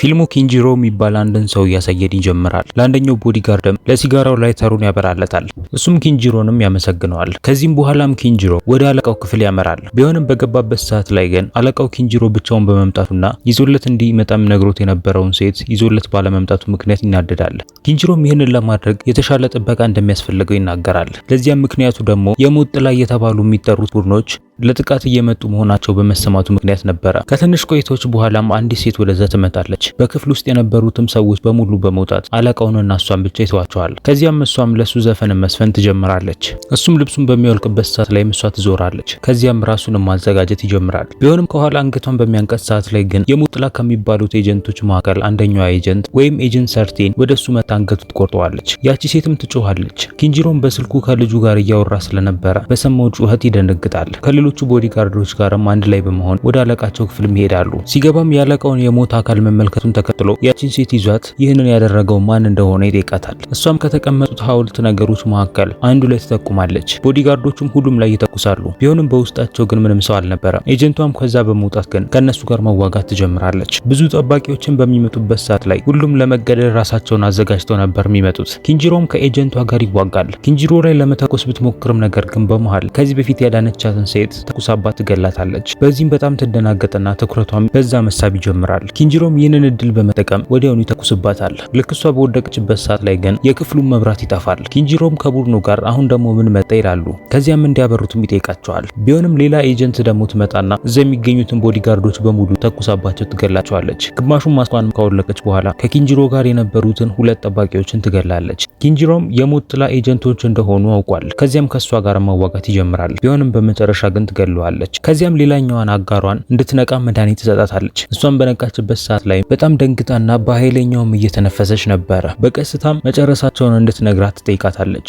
ፊልሙ ኪንጂሮ የሚባል አንድን ሰው እያሳየን ይጀምራል። ለአንደኛው ቦዲጋርድም ለሲጋራው ላይተሩን ያበራለታል። እሱም ኪንጂሮንም ያመሰግነዋል። ከዚህም በኋላም ኪንጂሮ ወደ አለቃው ክፍል ያመራል። ቢሆንም በገባበት ሰዓት ላይ ግን አለቃው ኪንጂሮ ብቻውን በመምጣቱና ይዞለት እንዲመጣም ነግሮት የነበረውን ሴት ይዞለት ባለመምጣቱ ምክንያት ይናደዳል። ኪንጂሮም ይህንን ለማድረግ የተሻለ ጥበቃ እንደሚያስፈልገው ይናገራል። ለዚያም ምክንያቱ ደግሞ የሞት ጥላ እየተባሉ የሚጠሩት ቡድኖች ለጥቃት እየመጡ መሆናቸው በመሰማቱ ምክንያት ነበረ። ከትንሽ ቆይታዎች በኋላም አንዲት ሴት ወደዛ ትመጣለች። በክፍል ውስጥ የነበሩትም ሰዎች በሙሉ በመውጣት አለቃውንና እሷን ብቻ ይተዋቸዋል። ከዚያም እሷም ለሱ ዘፈን መስፈን ትጀምራለች። እሱም ልብሱን በሚያወልቅበት ሰዓት ላይ እሷ ትዞራለች። ከዚያም ራሱን ማዘጋጀት ይጀምራል። ቢሆንም ከኋላ አንገቷን በሚያንቀት ሰዓት ላይ ግን የሙጥላ ከሚባሉት ኤጀንቶች መካከል አንደኛዋ ኤጀንት ወይም ኤጀንት ሰርቴን ወደ እሱ መታ አንገቱን ትቆርጠዋለች። ያቺ ሴትም ትጮኻለች። ኪንጂሮም በስልኩ ከልጁ ጋር እያወራ ስለነበረ በሰማው ጩኸት ይደነግጣል። ከሌሎቹ ቦዲ ጋርዶች ጋርም አንድ ላይ በመሆን ወደ አለቃቸው ክፍልም ይሄዳሉ። ሲገባም ያለቃውን የሞት አካል መመልከቱን ተከትሎ ያቺን ሴት ይዟት ይህንን ያደረገው ማን እንደሆነ ይጠይቃታል። እሷም ከተቀመጡት ሐውልት ነገሮች መካከል አንዱ ላይ ትተኩማለች። ቦዲጋርዶቹም ሁሉም ላይ ይተኩሳሉ። ቢሆንም በውስጣቸው ግን ምንም ሰው አልነበረም። ኤጀንቷም ከዛ በመውጣት ግን ከእነሱ ጋር መዋጋት ትጀምራለች። ብዙ ጠባቂዎችን በሚመጡበት ሰዓት ላይ ሁሉም ለመገደል ራሳቸውን አዘጋጅተው ነበር የሚመጡት። ኪንጂሮም ከኤጀንቷ ጋር ይዋጋል። ኪንጂሮ ላይ ለመተኮስ ብትሞክርም ነገር ግን በመሃል ከዚህ በፊት ያዳነቻትን ሴት ተኩሳባ ትገላታለች። በዚህም በጣም ትደናገጥና ትኩረቷም በዛ መሳብ ይጀምራል። ኪንጅሮም ይህንን እድል በመጠቀም ወዲያውኑ ይተኩስባታል። ልክ እሷ በወደቀችበት ሰዓት ላይ ግን የክፍሉን መብራት ይጠፋል። ኪንጅሮም ከቡድኑ ጋር አሁን ደግሞ ምን መጣ ይላሉ። ከዚያም እንዲያበሩትም ይጠይቃቸዋል። ቢሆንም ሌላ ኤጀንት ደግሞ ትመጣና እዛ የሚገኙትን ቦዲጋርዶች በሙሉ ተኩሳባቸው ትገላቸዋለች። ግማሹን ማስኳንም ካወለቀች በኋላ ከኪንጅሮ ጋር የነበሩትን ሁለት ጠባቂዎችን ትገላለች። ኪንጅሮም የሞት ጥላ ኤጀንቶች እንደሆኑ አውቋል። ከዚያም ከእሷ ጋር መዋጋት ይጀምራል። ቢሆንም በመጨረሻ ግን እሱን ትገለዋለች። ከዚያም ሌላኛዋን አጋሯን እንድትነቃ መድኃኒት ትሰጣታለች። እሷን በነቃችበት ሰዓት ላይ በጣም ደንግጣና በኃይለኛውም እየተነፈሰች ነበረ። በቀስታም መጨረሳቸውን እንድትነግራት ትጠይቃታለች።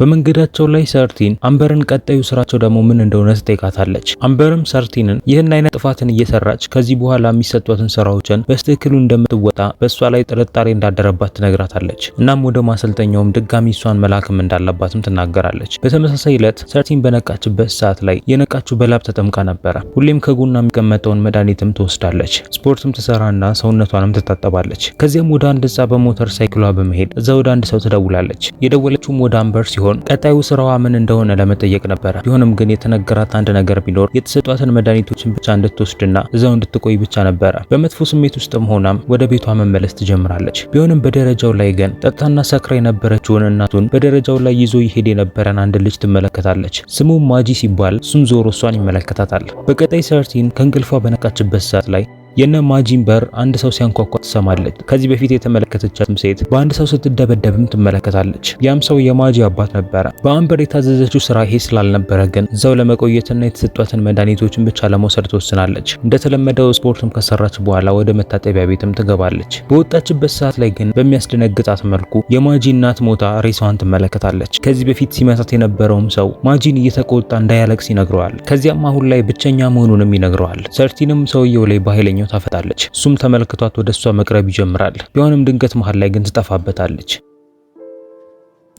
በመንገዳቸው ላይ ሰርቲን አምበርን ቀጣዩ ስራቸው ደግሞ ምን እንደሆነ ትጠይቃታለች። አምበርም ሰርቲንን ይህን አይነት ጥፋትን እየሰራች ከዚህ በኋላ የሚሰጧትን ስራዎችን በስትክክሉ እንደምትወጣ በእሷ ላይ ጥርጣሬ እንዳደረባት ትነግራታለች። እናም ወደ ማሰልጠኛውም ድጋሚ እሷን መላክም እንዳለባትም ትናገራለች። በተመሳሳይ ዕለት ሰርቲን በነቃችበት ሰዓት ላይ የነቃችው በላብ ተጠምቃ ነበረ። ሁሌም ከጎና የሚቀመጠውን መድኃኒትም ትወስዳለች። ስፖርትም ትሰራና ሰውነቷንም ትታጠባለች። ከዚያም ወደ አንድ ህንፃ በሞተር ሳይክሏ በመሄድ እዛ ወደ አንድ ሰው ትደውላለች። የደወለችውም ወደ አምበር ሲሆን ሲሆን ቀጣዩ ስራዋ ምን እንደሆነ ለመጠየቅ ነበረ። ቢሆንም ግን የተነገራት አንድ ነገር ቢኖር የተሰጧትን መድኃኒቶችን ብቻ እንድትወስድና እዛው እንድትቆይ ብቻ ነበረ። በመጥፎ ስሜት ውስጥም ሆናም ወደ ቤቷ መመለስ ትጀምራለች። ቢሆንም በደረጃው ላይ ግን ጠጥታና ሰክራ የነበረችውን እናቱን በደረጃው ላይ ይዞ ይሄድ የነበረን አንድ ልጅ ትመለከታለች። ስሙም ማጂ ሲባል እሱም ዞሮ እሷን ይመለከታታል። በቀጣይ ሰርቲን ከእንቅልፏ በነቃችበት ሰዓት ላይ የነ ማጂን በር አንድ ሰው ሲያንኳኳ ትሰማለች። ከዚህ በፊት የተመለከተቻትም ሴት በአንድ ሰው ስትደበደብም ትመለከታለች። ያም ሰው የማጂ አባት ነበረ። በአንበር የታዘዘችው ስራ ይሄ ስላልነበረ ግን እዛው ለመቆየትና የተሰጧትን መድኃኒቶችን ብቻ ለመውሰድ ትወስናለች። እንደተለመደው ስፖርትም ከሰራች በኋላ ወደ መታጠቢያ ቤትም ትገባለች። በወጣችበት ሰዓት ላይ ግን በሚያስደነግጣት መልኩ የማጂ እናት ሞታ ሬሳዋን ትመለከታለች። ከዚህ በፊት ሲመታት የነበረውም ሰው ማጂን እየተቆጣ እንዳያለቅስ ይነግረዋል። ከዚያም አሁን ላይ ብቸኛ መሆኑንም ይነግረዋል። ሰርቲንም ሰውየው ላይ በኃይለኛው ታፈጣለች። እሱም ተመልክቷት ወደ እሷ መቅረብ ይጀምራል። ቢሆንም ድንገት መሀል ላይ ግን ትጠፋበታለች።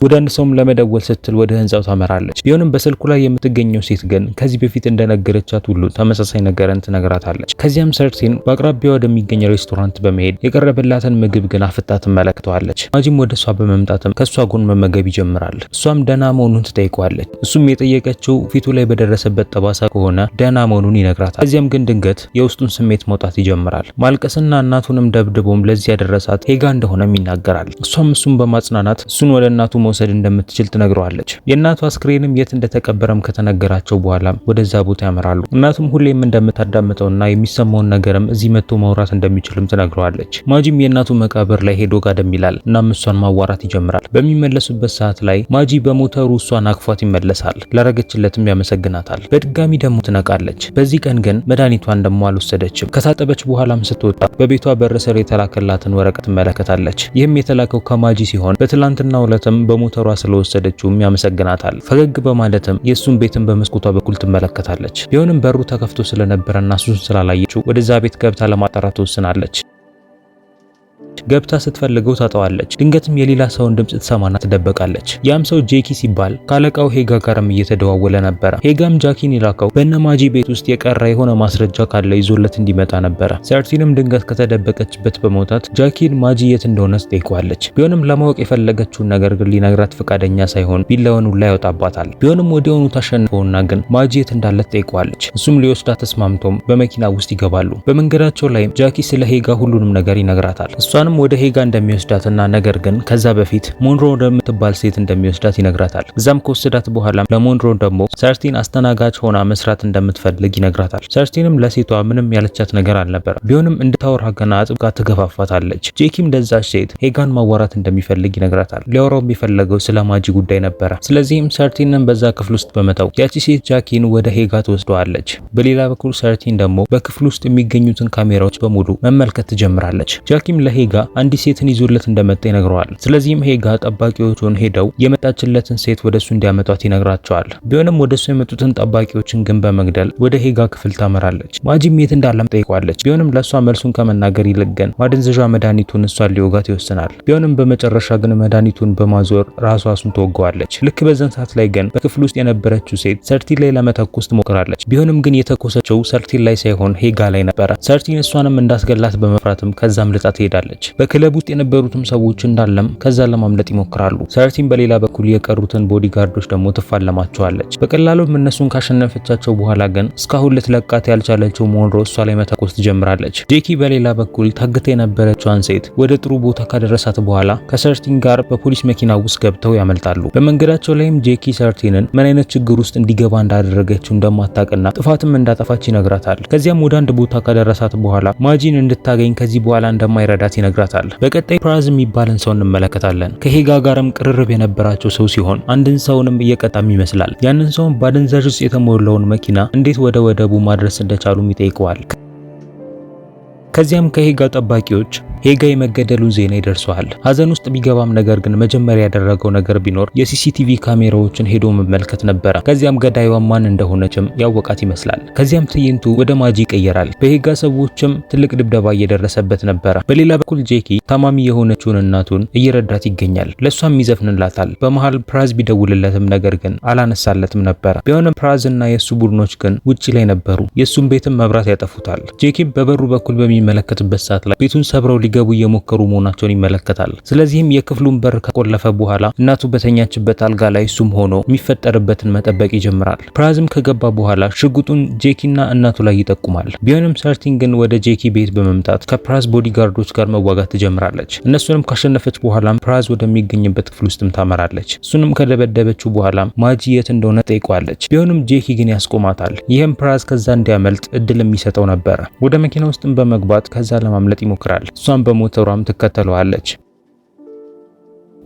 ወደ አንድ ሰውም ለመደወል ስትል ወደ ህንፃው ታመራለች። ቢሆንም በስልኩ ላይ የምትገኘው ሴት ግን ከዚህ በፊት እንደነገረቻት ሁሉ ተመሳሳይ ነገርን ትነግራታለች። ከዚያም ሰርሴን በአቅራቢያ ወደሚገኝ ሬስቶራንት በመሄድ የቀረበላትን ምግብ ግን አፍታ ትመለክተዋለች። ማጂም ወደ እሷ በመምጣትም ከእሷ ጎን መመገብ ይጀምራል። እሷም ደህና መሆኑን ትጠይቀዋለች። እሱም የጠየቀችው ፊቱ ላይ በደረሰበት ጠባሳ ከሆነ ደህና መሆኑን ይነግራታል። ከዚያም ግን ድንገት የውስጡን ስሜት መውጣት ይጀምራል። ማልቀስና እናቱንም ደብድቦም ለዚህ ያደረሳት ሄጋ እንደሆነም ይናገራል። እሷም እሱን በማጽናናት እሱን ወደ እናቱ መውሰድ እንደምትችል ትነግረዋለች። የእናቷ አስክሬንም የት እንደተቀበረም ከተነገራቸው በኋላ ወደዛ ቦታ ያመራሉ። እናቱም ሁሌም እንደምታዳምጠውና የሚሰማውን ነገርም እዚህ መጥቶ ማውራት እንደሚችልም ትነግረዋለች። ማጂም የእናቱ መቃብር ላይ ሄዶ ጋደም ይላል። እናም እሷን ማዋራት ይጀምራል። በሚመለሱበት ሰዓት ላይ ማጂ በሞተሩ እሷን አቅፏት ይመለሳል። ላረገችለትም ያመሰግናታል። በድጋሚ ደግሞ ትነቃለች። በዚህ ቀን ግን መድኃኒቷን ደግሞ አልወሰደችም። ከታጠበች በኋላም ስትወጣ በቤቷ በረሰር የተላከላትን ወረቀት ትመለከታለች። ይህም የተላከው ከማጂ ሲሆን በትላንትና ዕለትም በሞተሯ ስለወሰደችውም ያመሰግናታል። ፈገግ በማለትም የእሱን ቤትን በመስኮቷ በኩል ትመለከታለች። ቢሆንም በሩ ተከፍቶ ስለነበረና እሱን ስላላየችው ወደዛ ቤት ገብታ ለማጣራት ትወስናለች። ገብታ ስትፈልገው ታጠዋለች። ድንገትም የሌላ ሰውን ድምፅ ትሰማና ትደበቃለች። ያም ሰው ጄኪ ሲባል ካለቃው ሄጋ ጋርም እየተደዋወለ ነበረ። ሄጋም ጃኪን ይላከው በነማጂ ቤት ውስጥ የቀረ የሆነ ማስረጃ ካለ ይዞለት እንዲመጣ ነበረ። ሰርቲንም ድንገት ከተደበቀችበት በመውጣት ጃኪን ማጂ የት እንደሆነ ትጠይቀዋለች። ቢሆንም ለማወቅ የፈለገችውን ነገር ግን ሊነግራት ፈቃደኛ ሳይሆን ቢላውን ሁላ ያወጣባታል። ቢሆንም ወዲያውኑ ታሸንፈውና ግን ማጂ የት እንዳለ ትጠይቀዋለች። እሱም ሊወስዳት ተስማምቶም በመኪና ውስጥ ይገባሉ። በመንገዳቸው ላይም ጃኪ ስለ ሄጋ ሁሉንም ነገር ይነግራታል። እሷን እሷንም ወደ ሄጋ እንደሚወስዳትና ነገር ግን ከዛ በፊት ሞንሮ ወደምትባል ሴት እንደሚወስዳት ይነግራታል። እዛም ከወሰዳት በኋላ ለሞንሮ ደግሞ ሰርቲን አስተናጋጅ ሆና መስራት እንደምትፈልግ ይነግራታል። ሰርቲንም ለሴቷ ምንም ያለቻት ነገር አልነበረም። ቢሆንም እንድታወራ ገና አጥብቃ ትገፋፋታለች። ጄኪም ለዛች ሴት ሄጋን ማዋራት እንደሚፈልግ ይነግራታል። ሊያወራው የሚፈለገው ስለ ማጂ ጉዳይ ነበረ። ስለዚህም ሰርቲንን በዛ ክፍል ውስጥ በመተው ያቺ ሴት ጃኪን ወደ ሄጋ ትወስደዋለች። በሌላ በኩል ሰርቲን ደግሞ በክፍል ውስጥ የሚገኙትን ካሜራዎች በሙሉ መመልከት ትጀምራለች። ጃኪም ለሄጋ አንዲት ሴትን ይዞለት እንደመጣ ይነግረዋል። ስለዚህም ሄጋ ጠባቂዎቹን ሄደው የመጣችለትን ሴት ወደሱ እንዲያመጧት ይነግራቸዋል። ቢሆንም ወደሱ የመጡትን ጠባቂዎችን ግን በመግደል ወደ ሄጋ ክፍል ታመራለች። ማጂም የት እንዳለም ጠይቋለች። ቢሆንም ለእሷ መልሱን ከመናገር ይልቅ ግን ማደንዘዣ መድኃኒቱን እሷን ሊወጋት ይወስናል። ቢሆንም በመጨረሻ ግን መድኃኒቱን በማዞር ራሷ እሱን ትወገዋለች። ልክ በዘን ሰዓት ላይ ግን በክፍል ውስጥ የነበረችው ሴት ሰርቲን ላይ ለመተኮስ ትሞክራለች። ቢሆንም ግን የተኮሰችው ሰርቲን ላይ ሳይሆን ሄጋ ላይ ነበረ። ሰርቲን እሷንም እንዳስገላት በመፍራትም ከዛም ልጣ ትሄዳለች። በክለብ ውስጥ የነበሩትም ሰዎች እንዳለም ከዛ ለማምለጥ ይሞክራሉ። ሰርቲን በሌላ በኩል የቀሩትን ቦዲጋርዶች ደግሞ ትፋለማቸዋለች። በቀላሉም እነሱን ካሸነፈቻቸው በኋላ ግን እስካሁን ልትለቃት ያልቻለችው ሞንሮ እሷ ላይ መተኮስ ትጀምራለች። ጄኪ በሌላ በኩል ታግታ የነበረችዋን ሴት ወደ ጥሩ ቦታ ካደረሳት በኋላ ከሰርቲን ጋር በፖሊስ መኪና ውስጥ ገብተው ያመልጣሉ። በመንገዳቸው ላይም ጄኪ ሰርቲንን ምን አይነት ችግር ውስጥ እንዲገባ እንዳደረገችው እንደማታውቅና ጥፋትም እንዳጠፋች ይነግራታል። ከዚያም ወደ አንድ ቦታ ካደረሳት በኋላ ማጂን እንድታገኝ ከዚህ በኋላ እንደማይረዳት ይነግራል። ይነግራታል። በቀጣይ ፕራዝ የሚባልን ሰው እንመለከታለን። ከሄጋ ጋርም ቅርርብ የነበራቸው ሰው ሲሆን አንድን ሰውንም እየቀጣም ይመስላል። ያንን ሰውም በአደንዛዥ ውስጥ የተሞላውን መኪና እንዴት ወደ ወደቡ ማድረስ እንደቻሉም ይጠይቀዋል። ከዚያም ከሄጋ ጠባቂዎች ሄጋ የመገደሉን ዜና ይደርሰዋል። ሀዘን ውስጥ ቢገባም ነገር ግን መጀመሪያ ያደረገው ነገር ቢኖር የሲሲቲቪ ካሜራዎችን ሄዶ መመልከት ነበረ። ከዚያም ገዳይዋ ማን እንደሆነችም ያወቃት ይመስላል። ከዚያም ትዕይንቱ ወደ ማጂ ይቀየራል። በሄጋ ሰዎችም ትልቅ ድብደባ እየደረሰበት ነበረ። በሌላ በኩል ጄኪ ታማሚ የሆነችውን እናቱን እየረዳት ይገኛል። ለእሷም ይዘፍንላታል። በመሃል ፕራዝ ቢደውልለትም ነገር ግን አላነሳለትም ነበረ። ቢሆንም ፕራዝ እና የእሱ ቡድኖች ግን ውጭ ላይ ነበሩ። የእሱም ቤትም መብራት ያጠፉታል። ጄኪም በበሩ በኩል በሚመለከትበት ሰዓት ላይ ቤቱን ሰብረው ሊገቡ እየሞከሩ መሆናቸውን ይመለከታል። ስለዚህም የክፍሉን በር ከቆለፈ በኋላ እናቱ በተኛችበት አልጋ ላይ እሱም ሆኖ የሚፈጠርበትን መጠበቅ ይጀምራል። ፕራዝም ከገባ በኋላ ሽጉጡን ጄኪና እናቱ ላይ ይጠቁማል። ቢሆንም ሰርቲን ግን ወደ ጄኪ ቤት በመምጣት ከፕራዝ ቦዲጋርዶች ጋር መዋጋት ትጀምራለች። እነሱንም ካሸነፈች በኋላም ፕራዝ ወደሚገኝበት ክፍል ውስጥም ታመራለች። እሱንም ከደበደበችው በኋላ ማጂ የት እንደሆነ ጠይቋለች። ቢሆንም ጄኪ ግን ያስቆማታል። ይህም ፕራዝ ከዛ እንዲያመልጥ እድል የሚሰጠው ነበር። ወደ መኪና ውስጥም በመግባት ከዛ ለማምለጥ ይሞክራል። እሷ እሷን በሞተሯም ትከተለዋለች።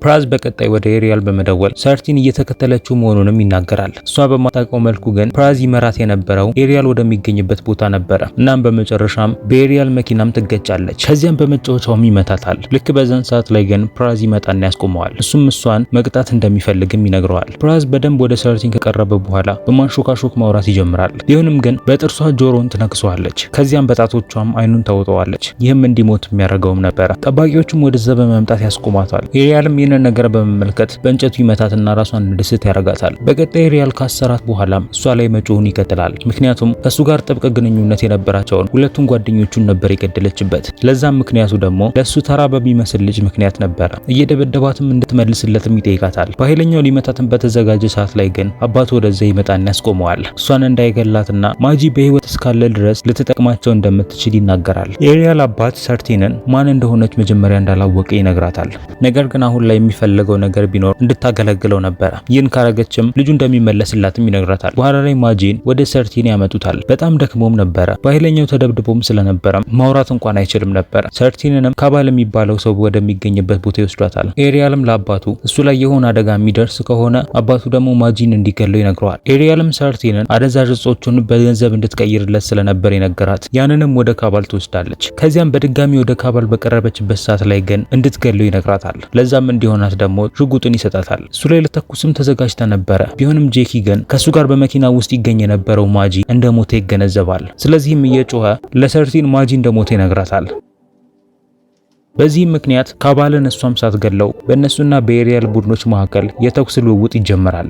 ፕራዝ በቀጣይ ወደ ኤሪያል በመደወል ሰርቲን እየተከተለችው መሆኑንም ይናገራል። እሷ በማታውቀው መልኩ ግን ፕራዝ ይመራት የነበረው ኤሪያል ወደሚገኝበት ቦታ ነበረ። እናም በመጨረሻም በኤሪያል መኪናም ትገጫለች። ከዚያም በመጫወቻውም ይመታታል። ልክ በዛን ሰዓት ላይ ግን ፕራዝ ይመጣና ያስቆመዋል። እሱም እሷን መቅጣት እንደሚፈልግም ይነግረዋል። ፕራዝ በደንብ ወደ ሰርቲን ከቀረበ በኋላ በማንሾካሾክ ማውራት ይጀምራል። ቢሆንም ግን በጥርሷ ጆሮን ትነክሰዋለች። ከዚያም በጣቶቿም አይኑን ታውጠዋለች። ይህም እንዲሞት የሚያደርገውም ነበረ። ጠባቂዎቹም ወደዛ በመምጣት ያስቆማታል። ኤሪያልም ይህንን ነገር በመመልከት በእንጨቱ ይመታትና ራሷን እንድስት ያደርጋታል። በቀጣይ ሪያል ካሰራት በኋላም እሷ ላይ መጮሁን ይቀጥላል። ምክንያቱም ከእሱ ጋር ጥብቅ ግንኙነት የነበራቸውን ሁለቱን ጓደኞቹን ነበር የገደለችበት። ለዛም ምክንያቱ ደግሞ ለእሱ ተራ በሚመስል ልጅ ምክንያት ነበረ። እየደበደባትም እንድትመልስለትም ይጠይቃታል። በኃይለኛው ሊመታትን በተዘጋጀ ሰዓት ላይ ግን አባቱ ወደዛ ይመጣና ያስቆመዋል። እሷን እንዳይገላትና ማጂ በህይወት እስካለ ድረስ ልትጠቅማቸው እንደምትችል ይናገራል። የሪያል አባት ሰርቲንን ማን እንደሆነች መጀመሪያ እንዳላወቀ ይነግራታል። ነገር ግን አሁን ላይ ላይ የሚፈልገው ነገር ቢኖር እንድታገለግለው ነበረ። ይህን ካረገችም ልጁ እንደሚመለስላትም ይነግራታል። በሐራሪ ማጂን ወደ ሰርቲን ያመጡታል። በጣም ደክሞም ነበረ። በኃይለኛው ተደብድቦም ስለነበረ ማውራት እንኳን አይችልም ነበረ። ሰርቲንንም ካባል የሚባለው ሰው ወደሚገኝበት ቦታ ይወስዷታል። ኤሪያልም ለአባቱ እሱ ላይ የሆነ አደጋ የሚደርስ ከሆነ አባቱ ደግሞ ማጂን እንዲገለው ይነግረዋል። ኤሪያልም ሰርቲንን አደንዛዥ እጾቹን በገንዘብ እንድትቀይርለት ስለነበር ይነገራት። ያንንም ወደ ካባል ትወስዳለች። ከዚያም በድጋሚ ወደ ካባል በቀረበችበት ሰዓት ላይ ግን እንድትገለው ይነግራታል። ለዛም እንዲሆናት ደግሞ ሽጉጥን ይሰጣታል። እሱ ላይ ለተኩስም ተዘጋጅታ ነበረ። ቢሆንም ጄኪ ግን ከእሱ ጋር በመኪና ውስጥ ይገኝ የነበረው ማጂ እንደሞተ ይገነዘባል። ስለዚህም እየጮኸ ለሰርቲን ማጂ እንደሞተ ይነግራታል። በዚህም ምክንያት ካባለን እሷም ሳትገለው በእነሱና በኤሪያል ቡድኖች መካከል የተኩስ ልውውጥ ይጀምራል።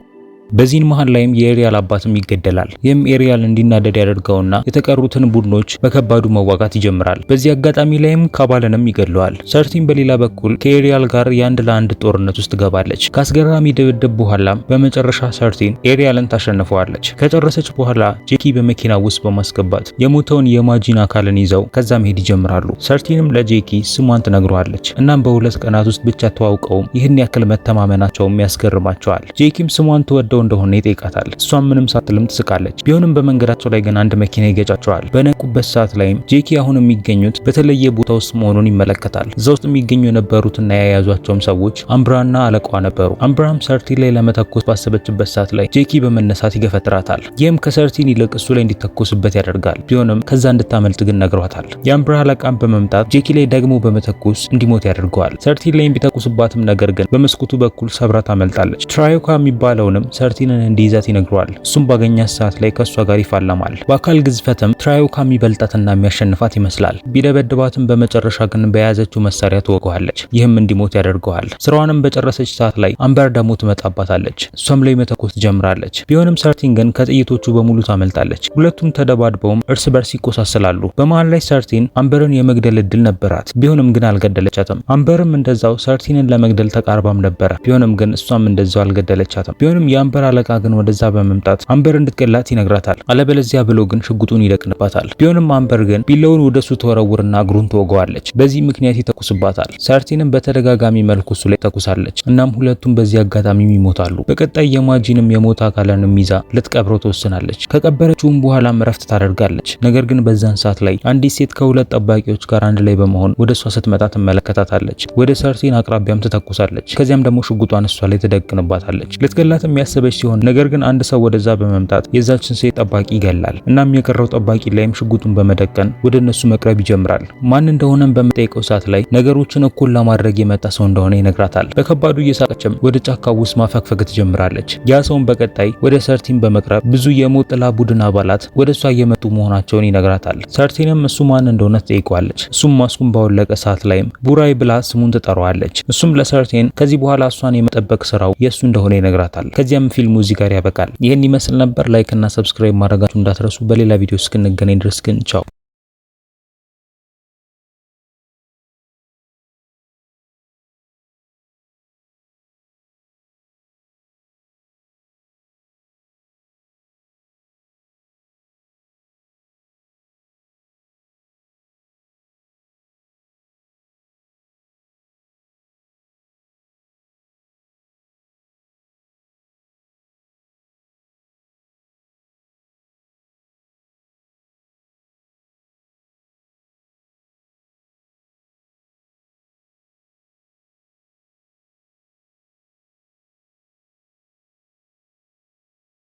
በዚህን መሀል ላይም የኤሪያል አባትም ይገደላል። ይህም ኤሪያል እንዲናደድ ያደርገውና የተቀሩትን ቡድኖች በከባዱ መዋጋት ይጀምራል። በዚህ አጋጣሚ ላይም ካባለንም ይገድለዋል። ሰርቲን በሌላ በኩል ከኤሪያል ጋር የአንድ ለአንድ ጦርነት ውስጥ ገባለች። ከአስገራሚ ድብድብ በኋላም በመጨረሻ ሰርቲን ኤሪያልን ታሸንፈዋለች። ከጨረሰች በኋላ ጄኪ በመኪና ውስጥ በማስገባት የሞተውን የማጂን አካልን ይዘው ከዛ መሄድ ይጀምራሉ። ሰርቲንም ለጄኪ ስሟን ትነግረዋለች። እናም በሁለት ቀናት ውስጥ ብቻ ተዋውቀውም ይህን ያክል መተማመናቸውም ያስገርማቸዋል። ጄኪም ስሟን ትወደው እንደሆነ ይጠይቃታል። እሷም ምንም ሳትልም ትስቃለች። ቢሆንም በመንገዳቸው ላይ ግን አንድ መኪና ይገጫቸዋል። በነቁበት ሰዓት ላይም ጄኪ አሁን የሚገኙት በተለየ ቦታ ውስጥ መሆኑን ይመለከታል። እዛ ውስጥ የሚገኙ የነበሩትና የያዟቸውም ሰዎች አምብራና አለቋ ነበሩ። አምብራም ሰርቲን ላይ ለመተኮስ ባሰበችበት ሰዓት ላይ ጄኪ በመነሳት ይገፈትራታል። ይህም ከሰርቲን ይልቅ እሱ ላይ እንዲተኮስበት ያደርጋል። ቢሆንም ከዛ እንድታመልጥ ግን ነግሯታል። የአምብራ አለቃም በመምጣት ጄኪ ላይ ደግሞ በመተኮስ እንዲሞት ያደርገዋል። ሰርቲን ላይ ቢተኩስባትም ነገር ግን በመስኮቱ በኩል ሰብራ ታመልጣለች። ትራዮካ የሚባለውንም ሰር ማርቲንን እንዲይዛት ይነግረዋል። እሱም ባገኛት ሰዓት ላይ ከእሷ ጋር ይፋለማል። በአካል ግዝፈትም ትራዮካ የሚበልጣትና የሚያሸንፋት ይመስላል። ቢደበድባትም በመጨረሻ ግን በያዘችው መሳሪያ ትወገዋለች። ይህም እንዲሞት ያደርገዋል። ስራዋንም በጨረሰች ሰዓት ላይ አምበር ደግሞ ትመጣባታለች። እሷም ላይ መተኮስ ትጀምራለች። ቢሆንም ሰርቲን ግን ከጥይቶቹ በሙሉ ታመልጣለች። ሁለቱም ተደባድበውም እርስ በርስ ይቆሳሰላሉ። በመሃል ላይ ሰርቲን አምበርን የመግደል እድል ነበራት። ቢሆንም ግን አልገደለቻትም። አምበርም እንደዛው ሰርቲንን ለመግደል ተቃርባም ነበረ። ቢሆንም ግን እሷም እንደዛው አልገደለቻትም። ቢሆንም የአምበር የአምበር አለቃ ግን ወደዛ በመምጣት አምበር እንድትገላት ይነግራታል። አለበለዚያ ብሎ ግን ሽጉጡን ይደቅንባታል። ቢሆንም አምበር ግን ቢለውን ወደሱ ተወረውርና እግሩን ትወገዋለች። በዚህ ምክንያት ይተኩስባታል። ሳርቲንም በተደጋጋሚ መልኩ እሱ ላይ ተኩሳለች። እናም ሁለቱም በዚህ አጋጣሚም ይሞታሉ። በቀጣይ የማጂንም የሞት አካለንም ይዛ ልትቀብረው ተወስናለች። ከቀበረችውም በኋላም እረፍት ታደርጋለች። ነገር ግን በዛን ሰዓት ላይ አንዲት ሴት ከሁለት ጠባቂዎች ጋር አንድ ላይ በመሆን ወደ እሷ ስትመጣ ትመለከታታለች። ወደ ሳርቲን አቅራቢያም ትተኩሳለች። ከዚያም ደግሞ ሽጉጧን እሷ ላይ ትደቅንባታለች። ልትገላትም የሚያስብ ያሰበች ሲሆን ነገር ግን አንድ ሰው ወደዛ በመምጣት የዛችን ሴት ጠባቂ ይገላል። እናም የቀረው ጠባቂ ላይም ሽጉጡን በመደቀን ወደ እነሱ መቅረብ ይጀምራል። ማን እንደሆነም በመጠየቀው ሰዓት ላይ ነገሮችን እኩል ለማድረግ የመጣ ሰው እንደሆነ ይነግራታል። በከባዱ እየሳቀችም ወደ ጫካ ውስጥ ማፈግፈግ ትጀምራለች። ያ ሰውን በቀጣይ ወደ ሰርቲን በመቅረብ ብዙ የሞት ጥላ ቡድን አባላት ወደ እሷ እየመጡ መሆናቸውን ይነግራታል። ሰርቲንም እሱ ማን እንደሆነ ትጠይቀዋለች። እሱም ማስኩን ባወለቀ ሰዓት ላይም ቡራይ ብላ ስሙን ትጠራዋለች። እሱም ለሰርቴን ከዚህ በኋላ እሷን የመጠበቅ ስራው የእሱ እንደሆነ ይነግራታል። ከዚያም ፊልሙ እዚህ ጋር ያበቃል። ይህን ይመስል ነበር። ላይክ እና ሰብስክራይብ ማድረጋችሁ እንዳትረሱ። በሌላ ቪዲዮ እስክንገናኝ ድረስ ግን ቻው።